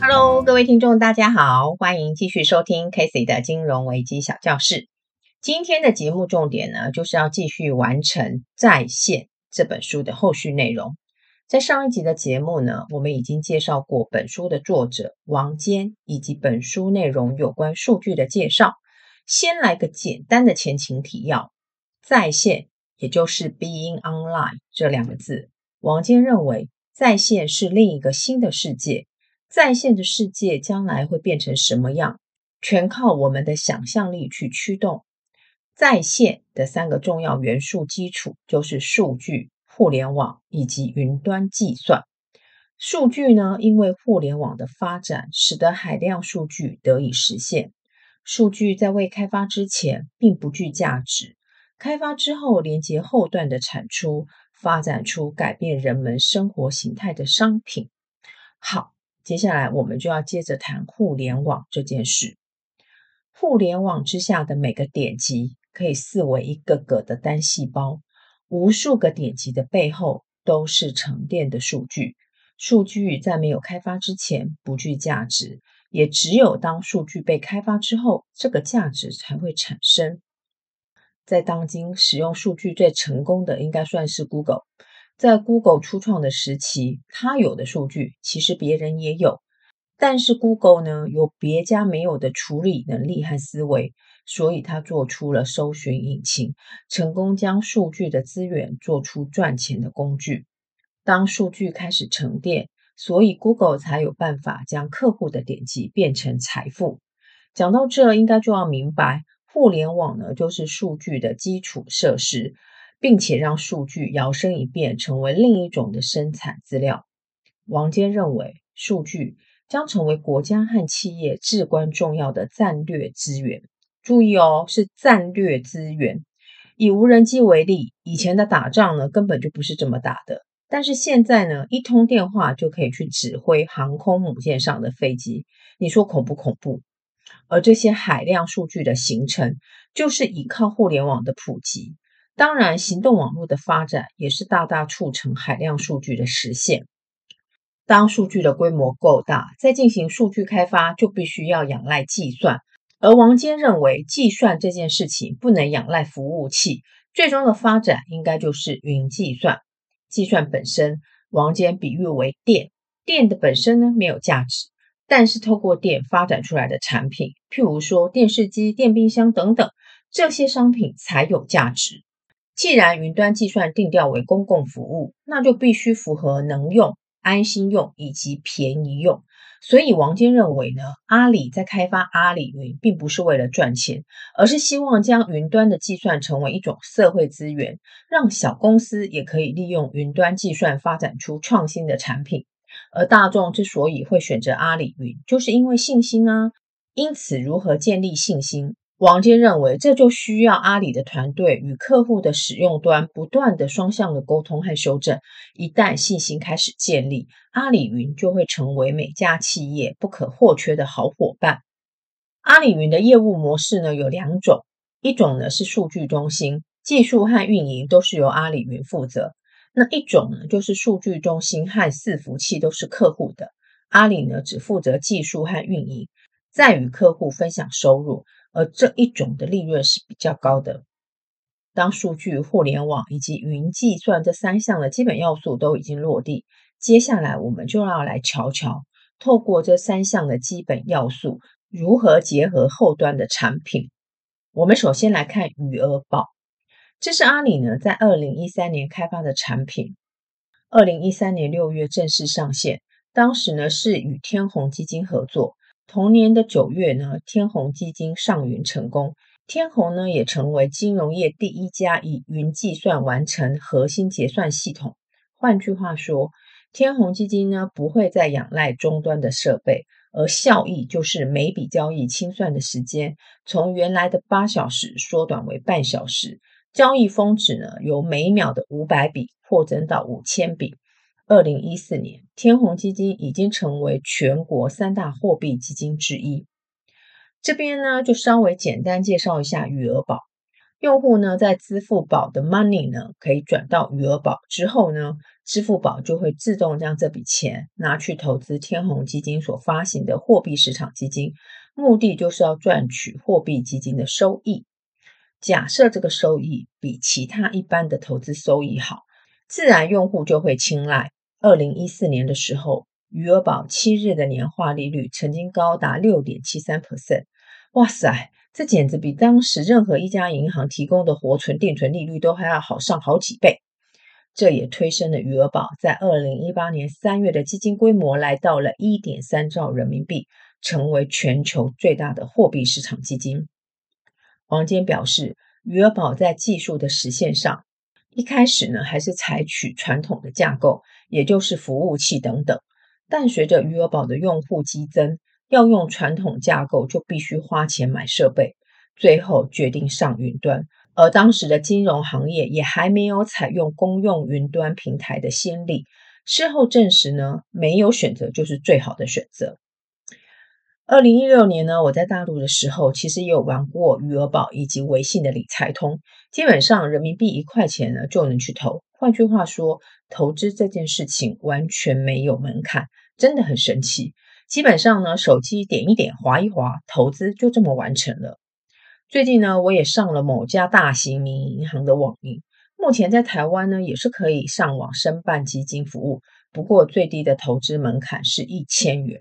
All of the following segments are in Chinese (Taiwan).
Hello，各位聽眾，大家好，歡迎繼續收聽 Casey 的金融危機小教室。今天的節目重點呢，就是要繼續完成《在線》這本書的後續內容。在上一集的節目呢，我們已經介紹過本書的作者王堅以及本書內容有關數據的介紹。先來個簡單的前情提要：在線，也就是 being online 這兩個字。王堅認為，在線是另一個新的世界。在線的世界將來會變成什麼樣？全靠我們的想象力去驅動。在線的三個重要元素基礎就是數據、互聯網以及雲端計算。數據呢，因為互聯網的發展，使得海量數據得以實現。數據在未開發之前並不具價值，開發之後連接後段的產出，發展出改變人們生活形態的商品。好，接下來我們就要接着談互聯網這件事。互聯網之下的每個點擊可以視為一個個的單細胞，無數個點擊的背後都是沉澱的數據。數據在沒有開發之前不具價值。也只有當數據被開發之後，這個價值才會產生。在當今使用數據最成功的，應該算是 Google。在 Google 初創的時期，它有的數據其實別人也有，但是 Google 呢，有別家沒有的處理能力和思維，所以它做出了搜尋引擎，成功將數據的資源做出賺錢的工具。當數據開始沉澱，所以，Google 才有辦法將客戶的點擊變成財富。講到這，應該就要明白，互聯網呢就是數據的基礎設施，並且讓數據搖身一變成為另一種的生產資料。王堅認為，數據將成為國家和企業至關重要的戰略資源。注意哦，是戰略資源。以無人機為例，以前的打仗呢，根本就不是這麼打的。但是現在呢，一通電話就可以去指揮航空母艦上的飛機，你說恐不恐怖？而這些海量數據的形成，就是依靠互聯網的普及，當然，行動網絡的發展也是大大促成海量數據的實現。當數據的規模夠大，再進行數據開發，就必須要仰賴計算。而王堅認為，計算這件事情不能仰賴服務器，最終的發展應該就是雲計算。計算本身，王堅比喻為電，電的本身呢，沒有價值，但是透過電發展出來的產品，譬如說電視機、電冰箱等等，這些商品才有價值。既然雲端計算定調為公共服務，那就必須符合能用、安心用以及便宜用。所以，王堅認為呢，阿里在開發阿里雲，並不是為了賺錢，而是希望將雲端的計算成為一種社會資源，讓小公司也可以利用雲端計算發展出創新的產品。而大眾之所以會選擇阿里雲，就是因為信心啊。因此，如何建立信心？王堅認為，這就需要阿里的團隊與客戶的使用端不斷的雙向的溝通和修正。一旦信心開始建立，阿里雲就會成為每家企業不可或缺的好夥伴。阿里雲的業務模式呢，有兩種，一種呢是數據中心技術和運營都是由阿里雲負責，那一種呢就是數據中心和伺服器都是客戶的，阿里呢只負責技術和運營，再與客戶分享收入。而這一種的利潤是比較高的。當數據、互聯網以及雲計算這三項的基本要素都已經落地，接下來我們就要來瞧瞧，透過這三項的基本要素，如何結合後端的產品。我們首先來看餘額寶，這是阿里呢在二零一三年開發的產品，二零一三年六月正式上線，當時呢是與天弘基金合作。同年的九月呢，天弘基金上雲成功。天弘呢也成為金融業第一家以雲計算完成核心結算系統。換句話說，天弘基金呢不會再仰賴終端的設備，而效益就是每筆交易清算的時間從原來的八小時縮短為半小時，交易峰值呢由每秒的五百筆擴增到五千筆。二零一四年，天弘基金已經成為全國三大貨幣基金之一。這邊呢，就稍微簡單介紹一下餘額寶。用戶呢，在支付寶的 money 呢，可以轉到餘額寶之後呢，支付寶就會自動將這筆錢拿去投資天弘基金所發行的貨幣市場基金，目的就是要賺取貨幣基金的收益。假設這個收益比其他一般的投資收益好，自然用戶就會青睞。二零一四年的時候，餘額寶七日的年化利率曾經高達六點七三 percent，哇塞，這簡直比當時任何一家銀行提供的活存定存利率都還要好上好幾倍。這也推升了餘額寶在二零一八年三月的基金規模來到了一點三兆人民幣，成為全球最大的貨幣市場基金。王堅表示，餘額寶在技術的實現上，一開始呢還是採取傳統的架構。也就是服務器等等，但隨着餘額寶的用戶激增，要用傳統架構就必須花錢買設備，最後決定上雲端。而當時的金融行業也還沒有採用公用雲端平台的先例。事後證實呢，沒有選擇就是最好的選擇。二零一六年呢，我在大陸的時候，其實也有玩過餘額寶以及微信的理財通，基本上人民幣一塊錢呢就能去投。換句話說。投資這件事情完全沒有門檻，真的很神奇。基本上呢，手機點一點，滑一滑，投資就這麼完成了。最近呢，我也上了某家大型民營銀行的網銀，目前在台灣呢，也是可以上網申辦基金服務，不過最低的投資門檻是一千元。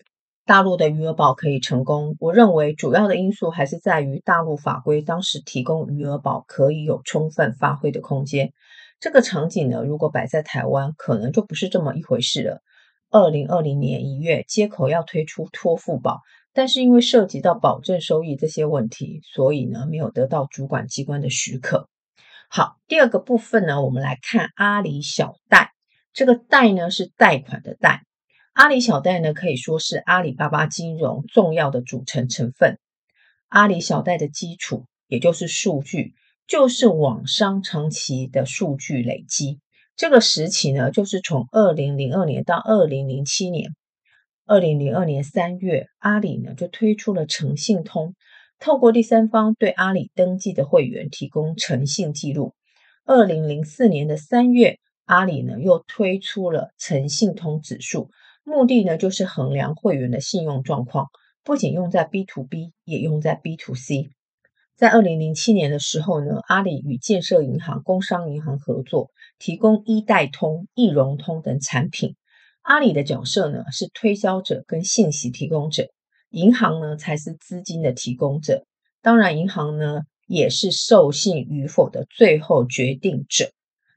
大陸的餘額寶可以成功，我認為主要的因素還是在於大陸法規當時提供餘額寶可以有充分發揮的空間。這個場景呢，如果擺在台灣，可能就不是這麼一回事了。二零二零年一月，街口要推出託付寶，但是因為涉及到保證收益這些問題，所以呢，沒有得到主管機關的許可。好，第二個部分呢，我們來看阿里小貸，這個貸呢是貸款的貸。阿里小貸呢，可以說是阿里巴巴金融重要的組成成分。阿里小貸的基礎，也就是數據，就是網商長期的數據累積。這個時期呢，就是從二零零二年到二零零七年。二零零二年三月，阿里呢就推出了誠信通，透過第三方對阿里登記的會員提供誠信記錄。二零零四年的三月，阿里呢又推出了誠信通指數。目的呢，就是衡量會員的信用狀況，不僅用在 B to B，也用在 B to C。在二零零七年的時候呢，阿里與建設銀行、工商銀行合作，提供“易貸通”“易融通”等產品。阿里的角色呢，是推銷者跟信息提供者，銀行呢才是資金的提供者。當然，銀行呢也是授信與否的最後決定者。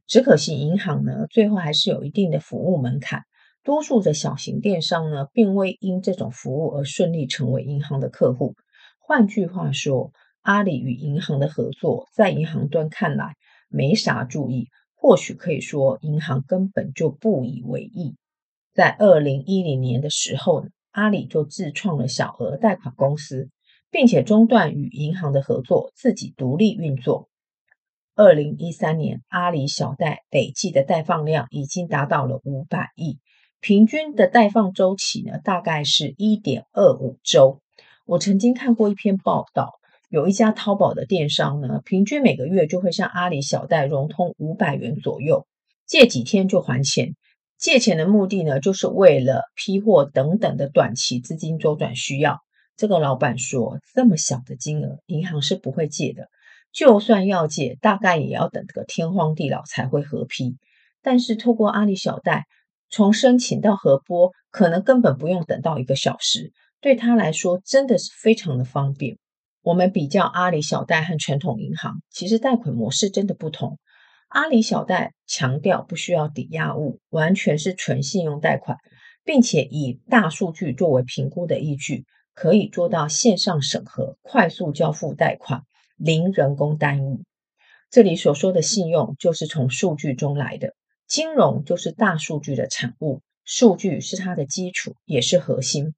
只可惜，銀行呢最後還是有一定的服務門檻。多數的小型電商呢，並未因這種服務而順利成為銀行的客戶。換句話說，阿里與銀行的合作，在銀行端看來沒啥注意，或許可以說銀行根本就不以為意。在二零一零年的時候呢，阿里就自創了小額貸款公司，並且中斷與銀行的合作，自己獨立運作。二零一三年，阿里小貸累計的貸放量已經達到了五百億。平均的貸放周期呢，大概是一點二五周。我曾經看過一篇報道，有一家淘寶的電商呢，平均每個月就會向阿里小貸融通五百元左右，借幾天就還錢。借錢的目的呢，就是為了批貨等等的短期資金周轉需要。這個老板說，這麼小的金額，銀行是不會借的，就算要借，大概也要等個天荒地老才會合批。但是透過阿里小貸。從申請到核撥，可能根本不用等到一個小時，對他來說真的是非常的方便。我們比較阿里小貸和傳統銀行，其實貸款模式真的不同。阿里小貸強調不需要抵押物，完全是純信用貸款，並且以大數據作為評估的依據，可以做到線上審核、快速交付貸款、零人工干預。這裡所說的信用，就是從數據中來的。金融就是大數據的產物，數據是它的基礎，也是核心。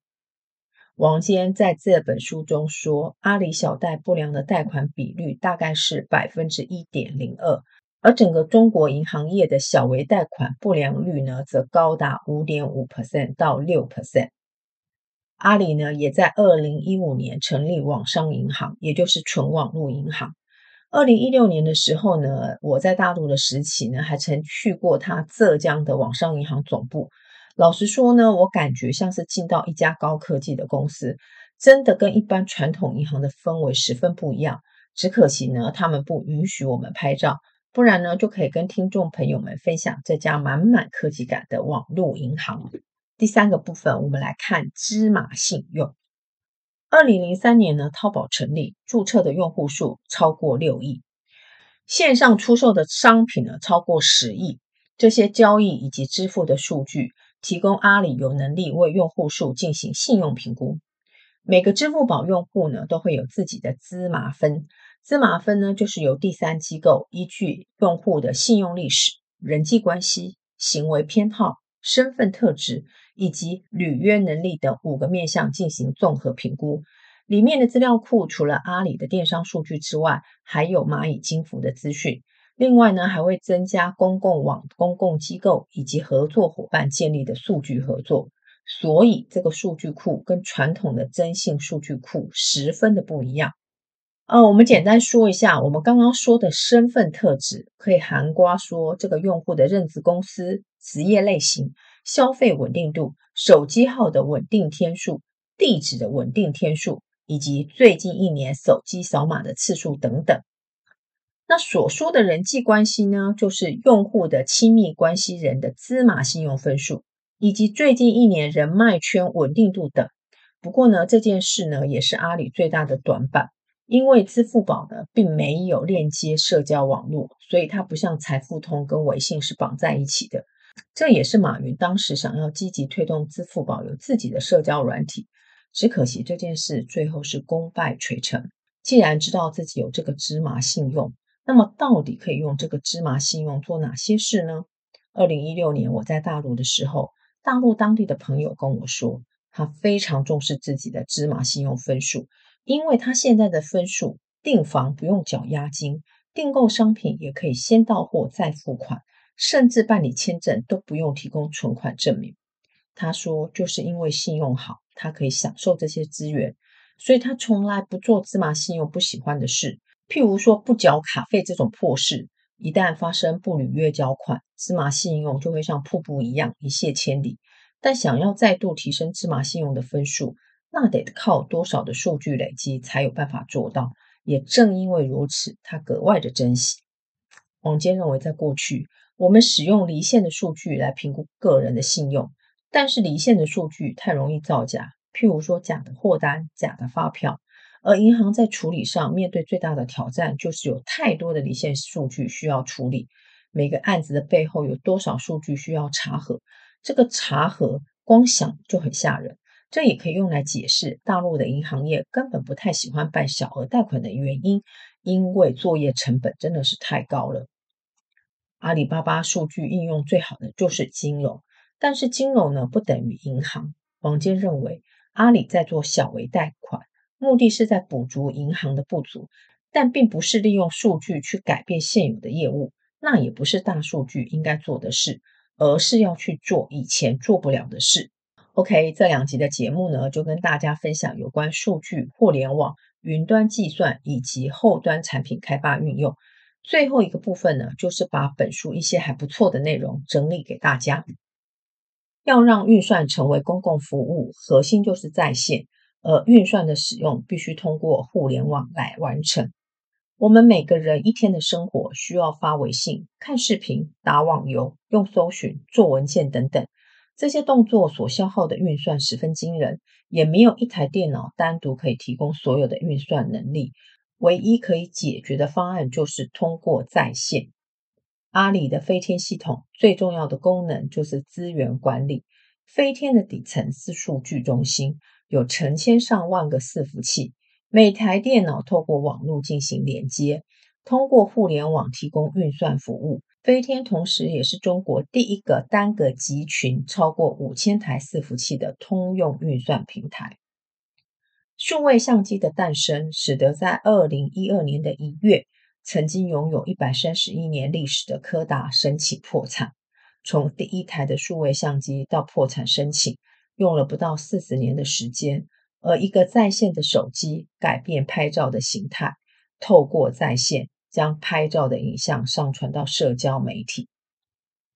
王堅在這本書中說，阿里小貸不良的貸款比率大概是百分之一點零二，而整個中國銀行業的小微貸款不良率呢，則高達五點五 percent 到六 percent。阿里呢，也在二零一五年成立網商銀行，也就是純網絡銀行。二零一六年的時候呢，我在大陸的時期呢，還曾去過他浙江的網商銀行總部。老實說呢，我感覺像是進到一家高科技的公司，真的跟一般傳統銀行的氛圍十分不一樣。只可惜呢，他們不允許我們拍照，不然呢就可以跟聽眾朋友們分享這家滿滿科技感的網絡銀行。第三個部分，我們來看芝麻信用。二零零三年呢，淘寶成立，註冊的用戶數超過六億，線上出售的商品呢超過十億。這些交易以及支付的數據，提供阿里有能力為用戶數進行信用評估。每個支付寶用戶呢，都會有自己的芝麻分。芝麻分呢，就是由第三機構依據用戶的信用歷史、人際關係、行為偏好、身份特質。以及履約能力等五個面向進行綜合評估。裡面的資料庫除了阿里的電商數據之外，還有螞蟻金服的資訊。另外呢，還會增加公共網、公共機構以及合作夥伴建立的數據合作。所以這個數據庫跟傳統的徵信數據庫十分的不一樣。呃、哦，我們簡單說一下，我們剛剛說的身份特質，可以涵蓋說這個用戶的任職公司、職業類型。消費穩定度、手機號的穩定天數，地址的穩定天數，以及最近一年手機掃碼的次數等等。那所說的人際關係呢，就是用戶的親密關係人的芝麻信用分數，以及最近一年人脈圈穩定度等。不過呢，這件事呢也是阿里最大的短板，因為支付寶呢並沒有鏈接社交網絡，所以它不像財付通跟微信是綁在一起的。這也是馬雲當時想要積極推動支付寶有自己的社交軟體，只可惜這件事最後是功敗垂成。既然知道自己有這個芝麻信用，那麼到底可以用這個芝麻信用做哪些事呢？二零一六年我在大陸的時候，大陸當地的朋友跟我說，他非常重視自己的芝麻信用分數，因為他現在的分數，訂房不用繳押金，訂購商品也可以先到貨再付款。甚至辦理簽證都不用提供存款證明。他說，就是因為信用好，他可以享受這些資源，所以他從來不做芝麻信用不喜歡的事，譬如說不繳卡費這種破事。一旦發生不履約繳款，芝麻信用就會像瀑布一樣一瀉千里。但想要再度提升芝麻信用的分數，那得靠多少的數據累積才有辦法做到。也正因為如此，他格外的珍惜。王堅認為，在過去。我們使用離線的數據來評估個人的信用，但是離線的數據太容易造假，譬如說假的貨單、假的發票。而銀行在處理上面對最大的挑戰，就是有太多的離線數據需要處理。每個案子的背後有多少數據需要查核？這個查核光想就很嚇人。這也可以用來解釋大陸的銀行業根本不太喜歡辦小額貸款的原因，因為作業成本真的是太高了。阿里巴巴數據應用最好的就是金融，但是金融呢，不等於銀行。王堅認為，阿里在做小微貸款，目的是在補足銀行的不足，但並不是利用數據去改變現有的業務，那也不是大數據應該做的事，而是要去做以前做不了的事。OK，這兩集的節目呢，就跟大家分享有關數據、互聯網、雲端計算以及後端產品開發運用。最後一個部分呢，就是把本書一些還不錯的內容整理給大家。要讓運算成為公共服務，核心就是在線，而運算的使用必須通過互聯網來完成。我們每個人一天的生活需要發微信、看視頻、打網遊、用搜尋、做文件等等，這些動作所消耗的運算十分驚人，也沒有一台電腦單獨可以提供所有的運算能力。唯一可以解決的方案就是通過在線。阿里的飛天系統最重要的功能就是資源管理。飛天的底層是數據中心，有成千上萬個伺服器，每台電腦透過網絡進行連接，通過互聯網提供運算服務。飛天同時也是中國第一個單個集群超過五千台伺服器的通用運算平台。數位相機的誕生，使得在二零一二年的一月，曾經擁有一百三十一年歷史的柯達申請破產。從第一台的數位相機到破產申請，用了不到四十年的時間。而一個在線的手機改變拍照的形態，透過在線將拍照的影像上傳到社交媒體。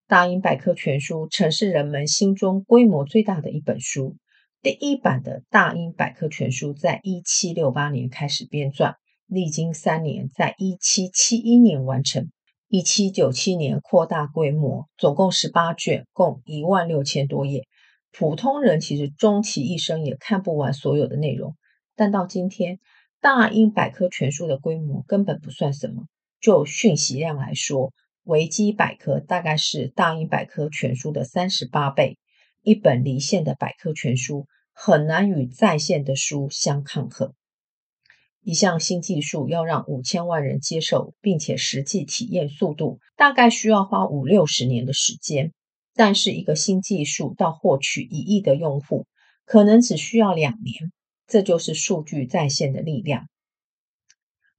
大英百科全書曾是人們心中規模最大的一本書。第一版的大英百科全書在一七六八年開始編撰，歷經三年，在一七七一年完成。一七九七年擴大規模，總共十八卷，共一萬六千多頁。普通人其實終其一生也看不完所有的內容。但到今天，大英百科全書的規模根本不算什麼。就訊息量來說，維基百科大概是大英百科全書的三十八倍。一本離線的百科全書很難與在線的書相抗衡。一項新技術要讓五千萬人接受，並且實際體驗速度，大概需要花五六十年的時間。但是，一個新技術到獲取一億的用戶，可能只需要兩年。這就是數據在線的力量。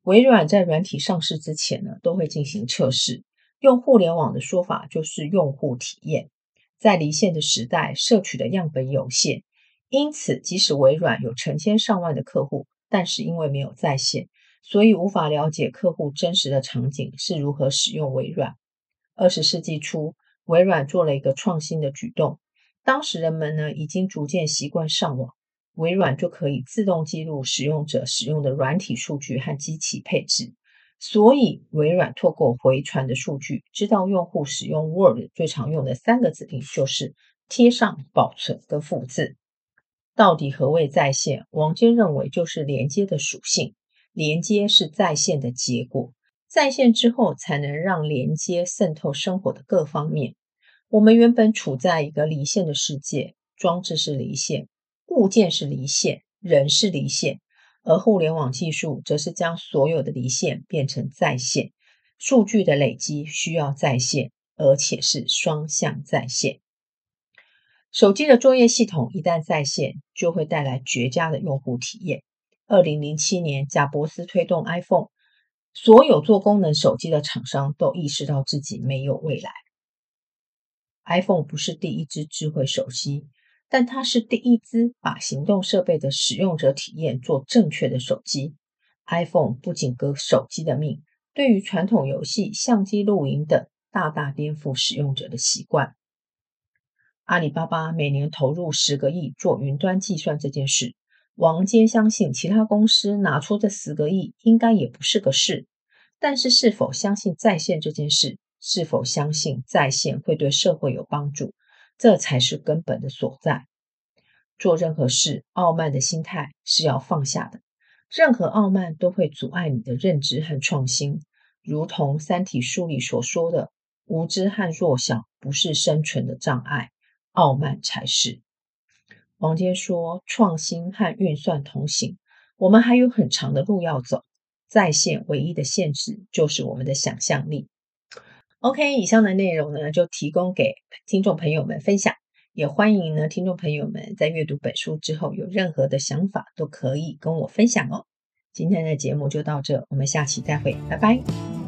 微軟在軟體上市之前呢，都會進行測試，用互聯網的說法就是用戶體驗。在離線的時代，攝取的樣本有限，因此即使微軟有成千上萬的客戶，但是因為沒有在線，所以無法了解客戶真實的場景是如何使用微軟。二十世紀初，微軟做了一個創新的舉動，當時人們呢已經逐漸習慣上網，微軟就可以自動記錄使用者使用的軟體數據和機器配置。所以，微軟透過回傳的數據，知道用戶使用 Word 最常用的三個指令就是“貼上”“保存”跟“複製”。到底何謂在線？王堅認為，就是連接的屬性，連接是在線的結果。在線之後，才能讓連接滲透生活的各方面。我們原本處在一個離線的世界，裝置是離線，物件是離線，人是離線。而互聯網技術則是將所有的離線變成在線，數據的累積需要在線，而且是雙向在線。手機的作業系統一旦在線，就會帶來絕佳的用戶體驗。二零零七年，賈伯斯推動 iPhone，所有做功能手機的廠商都意識到自己沒有未來。iPhone 不是第一支智慧手機。但它是第一支把行動設備的使用者體驗做正確的手機。iPhone 不僅革手機的命，對於傳統遊戲、相機、錄音等，大大顛覆使用者的習慣。阿里巴巴每年投入十個億做雲端計算這件事，王堅相信其他公司拿出這十個億應該也不是個事。但是是否相信在線這件事？是否相信在線會對社會有幫助？這才是根本的所在。做任何事，傲慢的心態是要放下的。任何傲慢都會阻礙你的認知和創新。如同《三體》書裡所說的，無知和弱小不是生存的障礙，傲慢才是。王堅說：“創新和運算同行，我們還有很長的路要走。在線唯一的限制就是我們的想象力。” OK，以上的內容呢，就提供給聽眾朋友們分享。也歡迎呢，聽眾朋友們在閱讀本書之後，有任何的想法都可以跟我分享哦。今天的節目就到這，我們下期再會，拜拜。